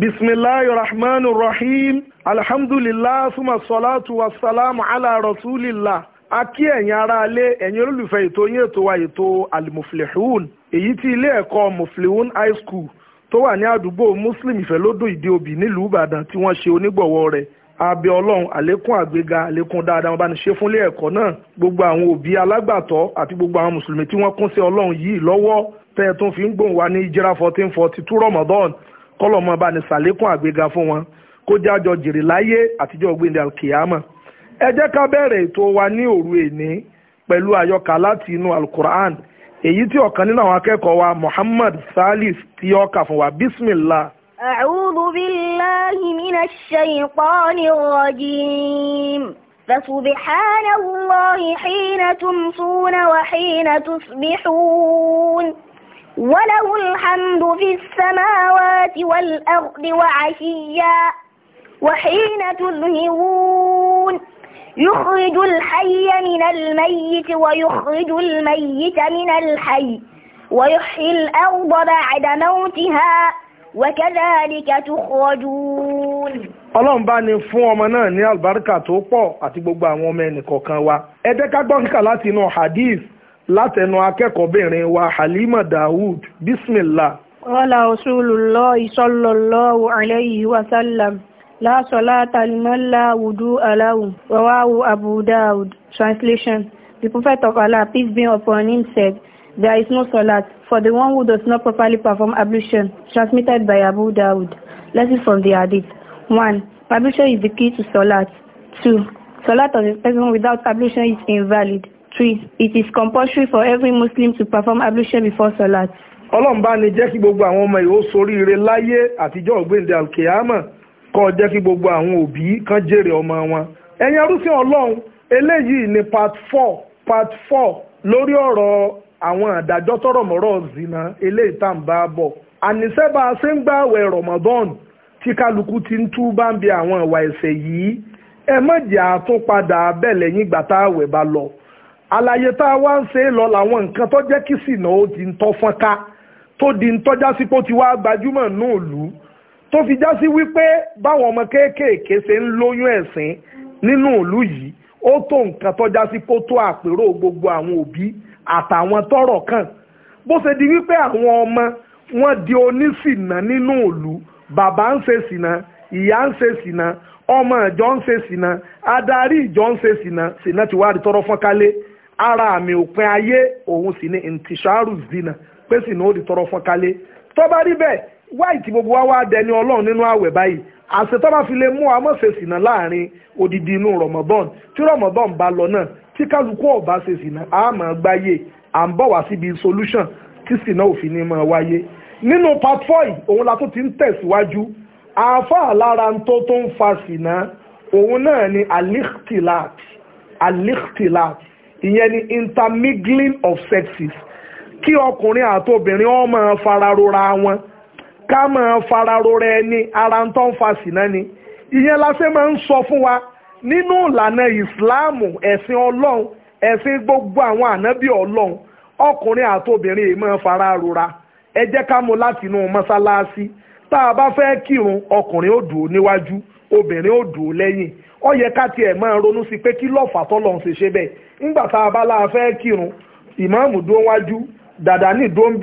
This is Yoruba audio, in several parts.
bismillahir rahmanir rahim alhamdulillah suma salatu wa salamu ala rasulillah akí ẹ̀yin aráalé ẹ̀yin olólùfẹ́ ètò yín ètò wa ètò almuflihun èyí tí ilé ẹ̀kọ́ muflihun high school tó wà ní àdúgbò muslim ìfẹ́lódò ìdí òbí nílùú ìbàdàn tí wọ́n ṣe onígbọ̀wọ́ rẹ̀ abẹ́ ọlọ́run àlékún àgbéga àlékún dáadáa wọn bá ní ṣe fúnlé ẹ̀kọ́ náà gbogbo àwọn òbí alágbàtọ́ àti gbogbo àwọn mùsùlùmí tí wọ́n kún sí ọlọ́run yìí lọ́wọ́ tẹ́ fi ń gbòǹwá ní ìjírá fourteen forty kọ́lọ́mọ bá ní sàlékún àgbéga fún wọn kó jẹ́ jèrè láyé àtijọ́ gbẹ̀ndẹ̀ alkiyama ẹ jẹ́ ká bẹ̀rẹ̀ ètò wa ní òru èní pẹ̀lú àyọkà láti inú alukur'an èyí tí ọ̀kan nínú àwọn akẹ́kọ̀ọ́ wa muhammad salif tí ó kà fún wa bismillah. a'udhu billahi minash shaytanir rajim. فسبحان الله حين تمسون وحين تصبحون وله الحمد في السماوات والأرض وعشيا وحين تظهرون يخرج الحي من الميت ويخرج الميت من الحي ويحيي الأرض بعد موتها wàkẹ́dáàdìkà tó kọjún. ọlọ́run bá ní fún ọmọ náà ní àlùbáríkà tó pọ̀ àti gbogbo àwọn ọmọ ẹnìkọ̀ọ̀kan wa ẹ jẹ́ ká gbọ́ kíkà láti inú hadith látẹnu akẹ́kọ̀ọ́bìnrin wa Halima Dawood bismillah. Qala Rasulullahi sallallahu alayhi wa sallam la salata liman la wudu'a lahu rawahu Abu Dawud translation the prophet of Allah peace be upon him said there is no salat for the one who does not properly perform ablution transmitted by Abu Dawud lesson from the hadith one ablution is the key to salat two salat of a person without ablution is invalid 3. It is compulsory for every Muslim to perform ablution before Salat. Ọlọ́run bá jẹ́ kí gbogbo àwọn ọmọ ìhó soríire láyé àtijọ́ ògbéǹde alkeyama kọ́ jẹ́ kí gbogbo àwọn òbí kan jèrè ọmọ wọn. Ẹ̀yin arúfin Ọlọ́run eléyìí ni part four part four lórí ọ̀rọ̀ àwọn àdájọ́ tọrọ mọ́rọ̀ zina eléyìí tá à ń bá bọ̀. Àníṣẹ́ bá a ṣe ń gbààwẹ̀ Ramadan tí kálukú ti ń tú bá ń bi àwọn ìwà ẹ̀ṣẹ̀ yìí ẹ má jẹ́ àtúnpadà abẹ́lẹ̀ yín gbàtà àwẹ̀ bá lọ àlàyé tá a wá ń ṣe lọ làwọn nǹkan tó jẹ́ kí sìnà ó di ń tọ́ fọ́n ká tó di ń tọ́já sí pé ó ti wá gbajúmọ̀ náà lù ú tó fi já sí wípé báwọn ọmọ kéékèèké ṣe ń lóyún ẹ̀sìn nínú ìlú yìí ó tó nǹkan tọ́já sí pé ó tó àpérò gbogbo àwọn òbí àtàwọn tọrọ kàn bó ṣe di wípé àwọn ọmọ wọn di onísìnà nínú ìlú bàbá ń ṣe sìnà ìyá ń ṣe sìnà ọmọ ìjọ ń ṣe sìnà adarí ìjọ ń ṣe sìnà sìnà ti wá di tọrọ fọ́nkálé ara àmì òpin ayé òun sì ni ntisharu zina pé sì ní ó di tọrọ fọ́n kálé tó bá rí bẹ́ẹ̀ wáì tí gbogbo wa wá dẹni ọlọ́run nínú àwẹ̀ báyìí àṣẹ tó bá fi lè mú amọ̀ṣe sìnà láàrin odidi inú rọmọdán tí rọmọdán bá lọ náà tí kálukú ọba ṣe sìnà á máa gbáyé à ń bọ̀ wá síbi solution tí sìnà òfin ni máa wáyé nínú part four òun la tó ti ń tẹ̀síwájú àáfàá lára tó tó ń fa sìnà òun náà ni alikhtilat alikhtilat ìyẹn ni intermingling of sexes kí ọkùnrin àtobìnrin wọn máa fararora wọn ká máa fararora ẹni ara ń tán fa sínà ni ìyẹn la ṣe máa ń sọ fún wa nínú ìlànà ìsìláàmù ẹ̀sìn ọlọ́run ẹ̀sìn gbogbo àwọn ànábì ọlọ́run ọkùnrin àtobìnrin yìí máa fararora ẹ jẹ́ ká mú láti inú mọ́sálásí tá a bá fẹ́ kírun ọkùnrin ó dùn ó níwájú obìnrin ó dùn ó lẹ́yìn ó yẹ ká tiẹ̀ máa ronú sí pé kí lọ́ọ̀fà tọ́lọ́run ṣe ṣe bẹ́ẹ̀ ńgbà abala a bá láà fẹ́ kírun ìmáàmù dúró wájú dàdà ní dúró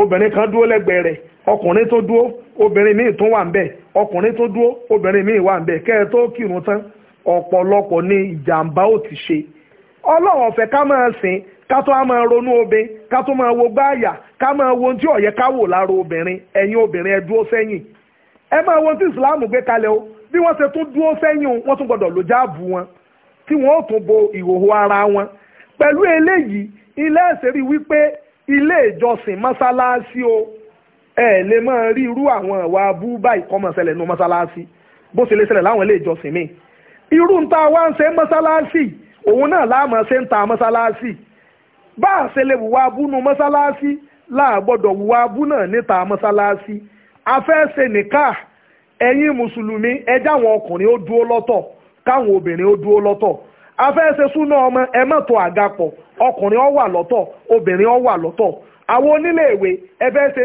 obìnrin kan dúró lẹ́gbẹ̀ẹ́ rẹ̀ ọkùnrin tó dúró obìnrin míì tún wà ń bẹ̀ ọkùnrin tó dúró obìnrin míì wà ń bẹ̀ kẹ́ ẹ tó kírun tán ọ̀pọ̀lọpọ̀ ni ìjàmbá ò ti ṣe ọlọ́run ọ̀fẹ́ ká máa sìn ká tó máa ronú obe ká tó máa wo gbáàyà ká máa wo ohun tí ọ̀yẹ́ ká wò lára obìnrin ẹ̀yin obìnrin ẹ dúró sẹ́yìn ẹ máa wo ohun tí ìsìláàmù gbé kalẹ̀ o bí wọ́n ṣe tún dúró sẹ́yìn wọ́n tún gbọ́dọ̀ lò jáàbù wọn tí wọ́n tún bo ìhòòhò ara wọn pẹ̀lú eléyìí ilé ẹ̀sẹ̀ rí wípé ilé ìjọsìn mọ́sálásí o ẹ lè máa rí irú àwọn ìwà abú báyìí kọ́ máa ṣẹlẹ̀ nínú mọ́sálásí bó ṣe lè ṣẹlẹ̀ láwọn ilé ìjọsìn míì irú ń ta wá ń ṣe mọ́sálásí òun náà láàmọ́ ṣe ń ta mọ́sálásí bá a ṣe lè wùwá abú nu mọ́sálásí láàgbọ́dọ̀ wùwá abú náà níta mọ́sálásí afẹ́ ṣe nìkà ẹ̀yin mùsùlùmí ẹjá àwọn ọkùnrin ó dúró lọ́tọ̀ káwọn obìnrin ó dúró lọ́tọ̀ afẹ́ẹ́sẹ̀ súná ọmọ ẹ mọ̀tò àgapọ̀ ọkùnrin ó wà lọ́tọ̀ obìnrin ó wà lọ́tọ̀ àwọn oníléèwé ẹ house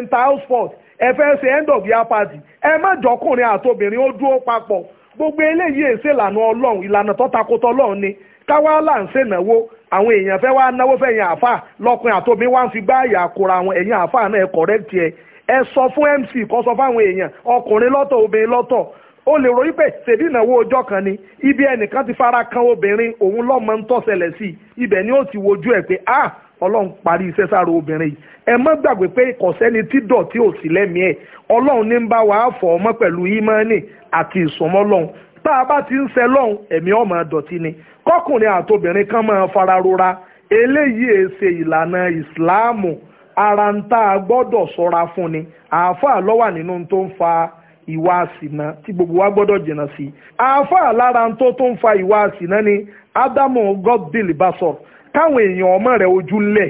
ẹ end of year party ẹ jọkùnrin àtobìnrin ó dúró papọ̀ gbogbo eléyìí èsè ìlànà ọlọ́run ìlànà tọ́takótọ́ ọlọ́run ni káwá àwọn èèyàn fẹ́ wá náwó lọ́kùnrin wá ń fi gbá àyà àwọn fún MC sọ o lè ròyìn pé ṣèbí ìnáwó ọjọ́ kan ni ibi ẹnìkan ti fara kan obìnrin òun lọ́mọ ń tọ́sẹ̀lẹ̀ sí i ibẹ̀ ni ó ti wojú ẹ̀ pé ah ọlọ́run parí iṣẹ́ sára obìnrin yìí ẹ má gbàgbé pé kọ̀sẹ́ni tí dọ̀tí ò sí lẹ́mìí ẹ̀ ọlọ́run ní ń bá wàá fọ̀ ọmọ pẹ̀lú ímánì àti ìsọmọlọ́run tá a bá ti ń ṣe lọ́hùn ẹ̀mí ọmọ dọ̀tí ni kọkùnrin àtobìnrin kan máa fara rora eléyìí è e ṣe ìlànà ìsìláàmù ara ń tá a gbọ́dọ̀ ṣọ́ra fún ni àáfàá ló nínú tó ń fa ìwà àsìná tí gbogbo wa gbọ́dọ̀ jìnnà sí i. àáfàá lára tó tó ń fa ìwà àsìná ni ádámù godbill bá sọ káwọn èèyàn ọmọ rẹ̀ ojú ńlẹ̀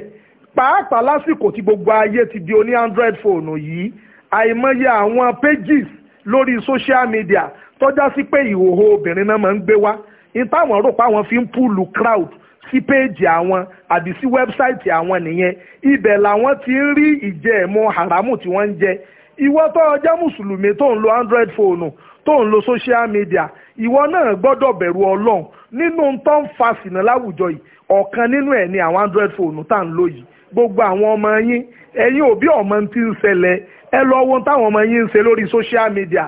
pàápàá lásìkò tí gbogbo ayé ti di oní android fóònù yìí àìmọye àwọn pages lórí social media tọ́já sí pé ìhòòhò obìnrin náà máa ń gbé wá ní táwọn rò pé àwọn fi ń púùlù crowd sí péèjì àwọn àbí sí wẹ́bsáìtì àwọn nìyẹn ibẹ̀ làwọn ti ń rí ìjẹ́ ẹ̀mọ́ haramu tí wọ́n ń jẹ ìwọ tó ọjọ́ mùsùlùmí tó ń lo android fóònù tó ń lo social media ìwọ náà gbọ́dọ̀ bẹ̀rù ọlọ́run nínú tó ń fa sínà láwùjọ yìí ọ̀kan nínú ẹ̀ ni àwọn android fóònù tá à ń lò yìí gbogbo àwọn ọmọ yín ẹ̀yin òbí ọmọ ti ń ṣẹlẹ̀ ẹ lọ táwọn ọmọ yín ń ṣe lórí social media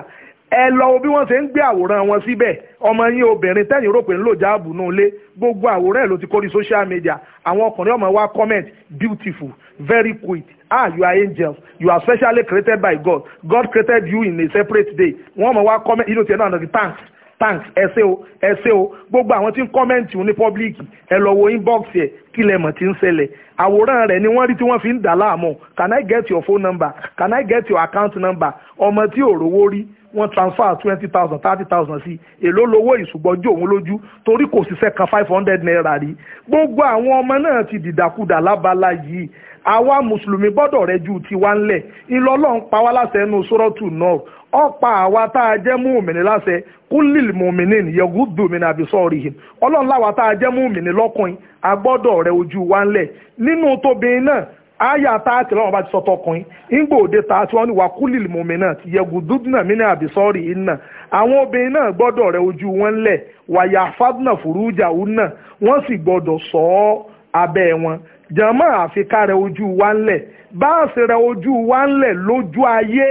ẹ lọ bí wọ́n ṣe ń gbé àwòrán wọn síbẹ̀ ọmọ yín obìnrin tẹ́yìn rò pé ń lò jáàbù náà lé gbogbo àwòrán ẹ̀ ló ti kórí social media àwọn ọkùnrin ọmọ wa comment beautiful very quick ah you are angels you are specially created by God God created you in a separate day wọ́n ọmọ wa comment inú tiẹ̀ náà lọ́dún thanks thanks ẹ ṣé o ẹ ṣé o gbogbo àwọn tí ń kọ́mẹ́ǹtì ní public ẹ lọ wo inbox yẹ kí lẹ mọ̀ tí ń ṣẹlẹ̀ àwòrán rẹ̀ ni wọ́n rí tí wọ́n fi ń dà láàmú can I get your phone number can I get your account number ọmọ tí ò rówó rí wọ́n transfer twenty thousand thirty thousand sí èló lowó ìṣùgbọ́n jó òun lójú torí kò ṣiṣẹ́ kan five hundred naira rí gbogbo àwọn ọmọ náà ti dìdàkudà lábala yìí àwa mùsùlùmí gbọ́dọ̀ rẹ ju tiwa ńlẹ̀ ńlọ́lọ́run pa wá láṣẹ ẹnu sọ́rọ́tù náà ọ̀pá àwa tá a jẹ́ mùmìnì láṣẹ kúlìl mùmìnì yẹ̀gúdù mi nàbí sọ́ọ̀rì yìí ọlọ́run láwa tá a jẹ́ mùmìnì lọ́kùnrin a gbọ́dọ̀ rẹ ojú wa ńlẹ̀ nínú tóbi náà àyà táàtì lọ́wọ́ bá ti sọ́tọ̀ ọkùnrin ńgbò òde ta tí wọ́n ní wà kúlìlì mòmìnà ti yẹgùn dúdúnà mí ní àbísọ́ọ̀rì iná àwọn obìnrin náà gbọ́dọ̀ rẹ ojú wọn lẹ̀ wàyà fádùnà fùrújà ònà wọ́n sì gbọ́dọ̀ sọ ọ́ abẹ́ wọn jàmọ́ àfikà rẹ ojú wa ńlẹ̀ bá a rẹ ojú wa ńlẹ̀ lójú ayé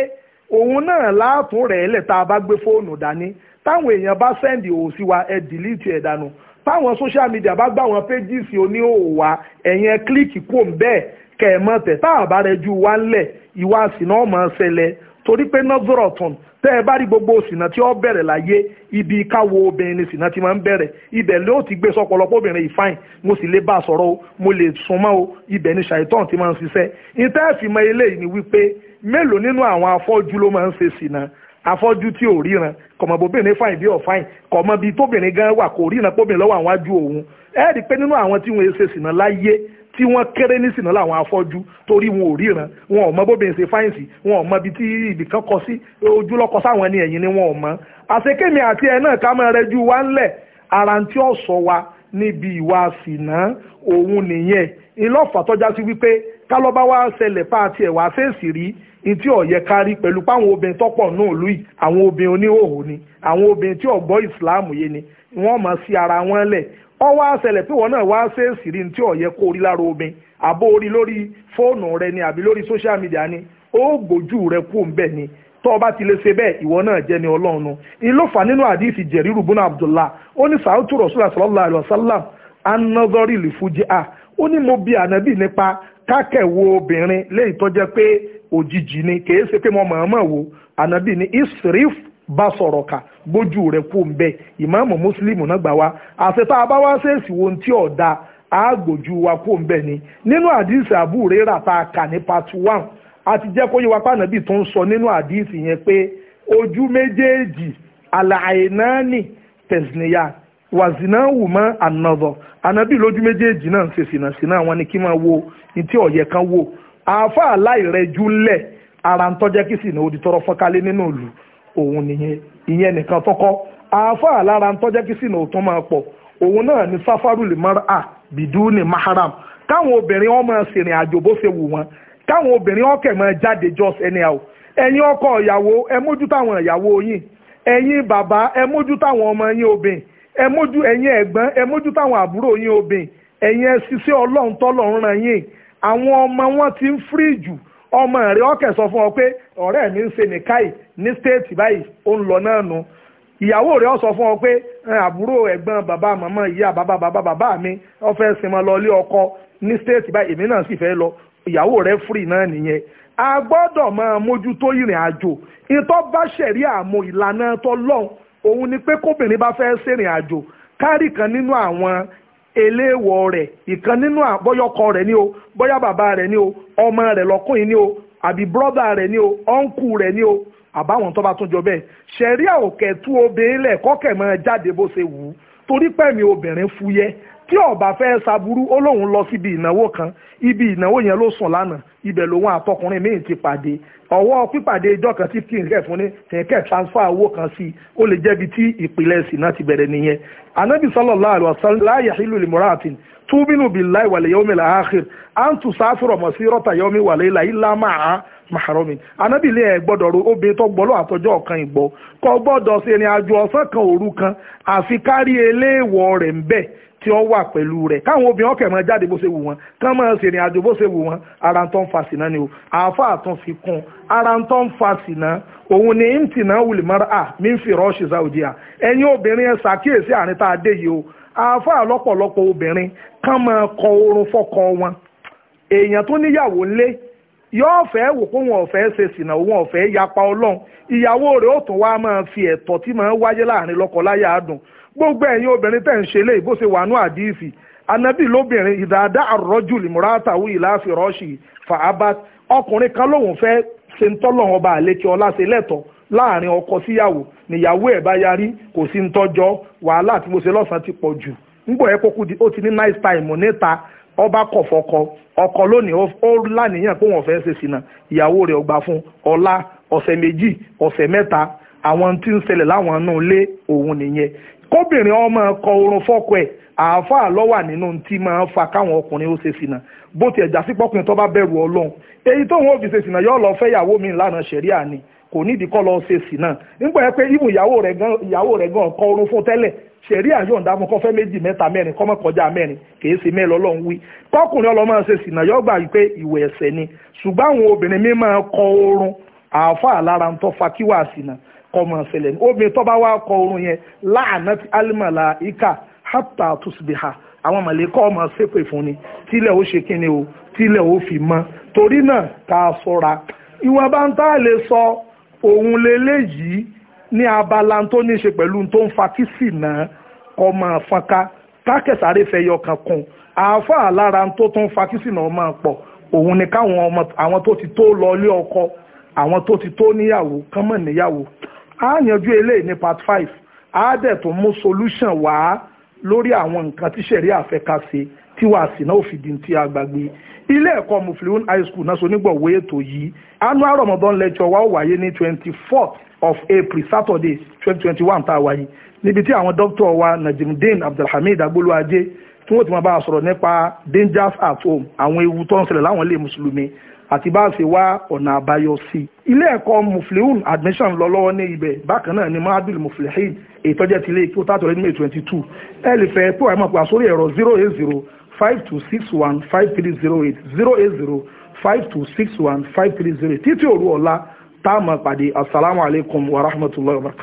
òun náà láàtún rẹ̀ lẹ̀ tá a bá gbé fóònù dání táwọn èèyàn bá sẹ́ndì òsì wa ẹ̀ dìlítì ẹ̀ dànù táwọn social media bá gbà wọn pages oníhòòhò wa ẹ̀yẹn kílíkì kò ń bẹ́ẹ̀ kẹ̀mọ́ tẹ̀ tá àbá rẹ ju wá ńlẹ̀ ìwà àsìnà ọmọ ṣẹlẹ̀ torí pé nọ́zọ̀rọ̀tàn tẹ́ ẹ bá rí gbogbo òsìnà tí ó bẹ̀rẹ̀ láyé ibi káwo obìnrin ni sìnà ti máa ń bẹ̀rẹ̀ ibẹ̀ ló ti gbé sọ́pọ̀lọpọ̀ obìnrin ìfáìn mo sì lè bá a sọ̀rọ̀ o mo lè súnmọ́ o ibẹ̀ ni ṣàìtàn ti máa ń ṣiṣẹ́ ìtẹ́ẹ̀fìmọ̀ eléyìí ni wípé mélòó nínú àwọn afọ́jú ló máa ń ṣe sìnà afọ́jú tí ò ríran kọ̀mọ̀bóbìnrin fáìn bí ọ̀fáìn kọ̀mọ́ bíi tóbìnrin gan wà kò ríran póbìnrin lọ́wọ́ àwọn ajú òun ẹ pé nínú àwọn tí wọ́n ṣe sìnà láyé tí wọ́n kéré ní sìnà láwọn afọ́jú torí wọn ò ríran wọn ò mọ bóbìnrin ṣe fáyẹ̀nsì wọn ò mọ ibi tí ibìkan kọ sí ojú lọ́kọ sáwọn ẹni ẹ̀yìn ni wọn ò mọ. àṣekémi àti ẹ̀ náà ká máa rẹjú wa ńlẹ̀ ara tí ó sọ wa níbi ìwà sìnà òun nìyẹn ìlọ́fà tọ́já sí wípé kálọ́bá wa ṣẹlẹ̀ páàtì ẹ̀ wá fèsì rí ìtí ọ̀yẹ́ kárí pẹ̀lú páwọn obìnrin tọ́pọ̀ náà lù yìí àwọn obìnrin oníhòòhò ni àwọn obìnrin tí ọ̀gbọ́ ìsìláàmù yé ni wọ́n mọ̀ sí ara wọn lẹ̀ ọwọ́ àṣẹlẹ̀ pé wọ́n náà wá ṣèèṣì rí tí ọ̀yẹ́ kó orí lára omi àbó orí lórí fóònù rẹ ni àbí lórí social media ni ó gbójú rẹ kú ńbẹ ni tó o bá ti lè ṣe bẹ́ẹ̀ ìwọ náà jẹ́ ni ọlọ́run ìlófà nínú àdìsí jẹ̀rírù bùnà abdullah ó ní sàútù rasulullah sallallahu alayhi wa sallam anazori lifuji'a ó ní mo bi ànábì nípa kákẹ́wò obìnrin léyìí tó jẹ́ pé òjijì ni kèé ṣe pé mo mọ̀ọ́mọ̀ wo ànábì ní isrif bá sọ̀rọ̀ kà gbójú rẹ̀ kú ń bẹ́ ìmáàmù mùsùlùmù náà gbà wá abáwá wo ti ọ̀dà àgbòjú wa ń ni nínú àdìsí Abu Hurairah tá a kà ní part one a ti jẹ́ kó yẹ tó ń sọ nínú àdìsí yẹn pé ojú méjèèjì lójú méjèèjì náà ń ṣe ni kí máa wo kan wo àáfàá odi tọrọ fọ́nkálé nínú òun nìyẹn ìyẹn nìkan tọkọ àáfàá lára ń tọ́jẹ́ kí sínú òtún máa pọ̀ òun náà ni sáfárù lè mara à bìdú ní maharam káwọn obìnrin wọn máa ṣèrìn àjò bó ṣe wù wọn káwọn obìnrin wọn kẹ̀ máa jáde ẹ̀yin ọkọ ìyàwó ẹ mójú táwọn ìyàwó ẹ̀yin bàbá ẹ mójú táwọn ọmọ ẹ mójú ẹ̀yin ẹ̀gbọ́n ẹ mójú ọmọ rẹ̀ ọkẹ̀ sọ fún ọ pé ọ̀rẹ́ mi ń ṣe nìkáì ní stéètì báyìí ó ń lọ náà nu ìyàwó rẹ̀ ọ sọ fún ọ pé àbúrò ẹ̀gbọ́n bàbá màmá ìyá bàbá bàbá bàbá mi ọ fẹ́ sinmi lọ ilé ọkọ ní stéètì báyìí èmi náà sì fẹ́ lọ ìyàwó rẹ̀ fúrì náà nìyẹn a gbọ́dọ̀ máa mójútó ìrìn àjò ìtọ́ bá ṣẹ̀rí àmọ́ ìlànà tọ́lọ́hún òun ni pé kóbìnrin bá fẹ́ ṣèrìn àjò kárì kan nínú àwọn eléèwọ̀ rẹ̀ ìkan nínú àbọ́yọkọ rẹ̀ ni o bóyá bàbá rẹ̀ ni o ọmọ rẹ̀ lọ́kùnrin ni o àbí brọ́dà rẹ̀ ni o ọ́nkù rẹ̀ ni o àbáwọn tó bá tún jọ bẹ́ẹ̀ ṣẹ̀rí àòkẹ́ tú obìnrin lẹ̀ kọ́kẹ́ mọ́ jáde bó ṣe wù ú torí pẹ̀mí obìnrin fúyẹ́ tí ọba fẹ́ ṣaburú ó lóun lọ síbi ìnáwó kan ibi ìnáwó yẹn ló sùn lánàá ibẹ̀ lòun àtọkùnrin míì ti pàdé ọwọ́ pípàdé ijọ́ kan tí kí n kẹ́ fún ní kẹ́kẹ́ transfer owó kan sí i ó lè jẹ́bi tí ìpìlẹ̀ ẹ̀sìn náà ti bẹ̀rẹ̀ nìyẹn anabi sallallahu alaihi wasallam la yahilu limuratin tuminu billahi wal yawmil akhir an tusafira masirata yawmi wa layla illa ma'a maharamin anabi ilé ẹ gbọ́dọ̀ ro obìnrin tó gbọlọ àtọjọ́ ọ̀kan ìgbọ kò gbọ́dọ̀ sí ẹni àjò ọ̀sán kan òru kan àfi kárí eléèwọ̀ rẹ̀ ń bẹ tí ó wà pẹ̀lú rẹ̀ káwọn obìnrin ọkẹ̀ máa jáde bó ṣe wù wọ́n kán máa ṣe ìrìn àjò bó ṣe wù wọ́n ara ń tó ń fa sìnà ni o àáfà àtún fi kún ara ń tó ń fa sìnà òun ni imtina wulimara a mi ń fi rọ́ọ̀ṣì sáwùdí à ẹ̀yin obìnrin ẹ̀ ṣàkíyèsí àárín tá a dé yìí o àáfà lọ́pọ̀lọpọ̀ obìnrin kán máa kọ oorun fọ́kọ wọn èèyàn tó níyàwó lé yóò fẹ́ wò pé wọn ò fẹ́ ṣe sìnà wọn ò fẹ́ yapa ọlọ́run ìyàwó rẹ̀ ó tún wá máa fi ẹ̀tọ́ tí máa ń wáyé láàrin lọ́kọ láyà á dùn gbogbo ẹ̀yin obìnrin tẹ̀ ń ṣe lé ìbò ṣe wà ní àdìsí anabi lóbìnrin ìdáadá àrọ́jù lìmúrátàwù ìlàáfíà rọ́ọ̀ṣì fàábà ọkùnrin kan lòun fẹ́ ṣe ń ọba àlékè ọlá ṣe lẹ́tọ̀ láàrin ọkọ síyàwó níyàwó ẹ̀ bá yarí kò sí ń tọ́jọ́ wàhálà tí mo lọ́sàn-án ti pọ̀ jù kókó ó ti ní nice níta ọba kóbìnrin ọmọ ọkọ oorun fọ́kọ ẹ̀ àáfàá wà nínú tí máa ń fa káwọn ọkùnrin ó ṣe sìnà bó ti ẹ̀já sí pọkùnrin tó bá bẹrù ọlọ́run èyí tóun ó fi ṣe sìnà yóò lọ fẹ ìyàwó mi lánàá ṣẹ̀ríà ni kò nídìí kọ́ lọ ṣe sìnà nígbà yẹn pé ìyàwó rẹ gan ọkọ fún tẹ́lẹ̀ yóò ń dámú kọ́ fẹ́ méjì mẹ́rin kìí ṣe wí kọ́kùnrin ṣe sìnà kọ kọmọ ṣẹlẹ̀ ní obìnrin tó bá wá kọ orun yẹn láàánà alimọ̀lá ika hapa tusbiha àwọn mọ̀lẹ́kọ́ ọmọ ṣépè fún ni tílẹ̀ ó ṣe kíni o tílẹ̀ ó fi mọ́ torí náà ká ṣọ́ra ìwọ̀n bá ń tá a lè sọ òun lélẹ́yìí ní abala tó ní ṣe pẹ̀lú tó ń fa kí sì náà ọmọ àfọnká kákẹ́sàárè fẹ́ yọ kankan àáfàá lára tó tún fa kí sì náà máa pọ̀ òun ni káwọn ọmọ àwọn tó ti tó lọ ilé ọkọ àwọn tó ti tó níyàwó kán níyàwó A yanjú eléyìí ní part five á dẹ̀ tún mú solution wá lórí àwọn nǹkan tí sẹ̀rí àfẹ́ká ṣe tí wàá sì náà òfìdí ti àgbàgbé ilé ẹ̀kọ́ mufliun high school náà sonígbọ̀wé ètò yìí annual ramadan lecture wa ó wáyé ní twenty fourth of april saturday twenty twenty one tá a wáyé níbi tí àwọn dókítà wa najimudeen abdulhamid agboluwaje tí wọ́n ti máa bá a sọ̀rọ̀ nípa dangers at home àwọn ewu tó ń ṣẹlẹ̀ láwọn ilé mùsùlùmí àti bá a ṣe wá ọ̀nà àbáyọ sí i. ilé ẹ̀kọ́ muflihun admission lọ lọ́wọ́ ní ibẹ̀ bákan náà ni mahadul muflihin ètò jẹ́ ti ilé kí ó tààtọ̀ lẹ́nu may twenty two ẹ lè fẹ́ pé wàá máa pa ẹ̀rọ zero eight zero five two six one five three zero eight zero eight zero five two six one five three zero eight títí òru ọ̀la tá a máa asalaamualeykum wa rahmatulahi wa barakatuh.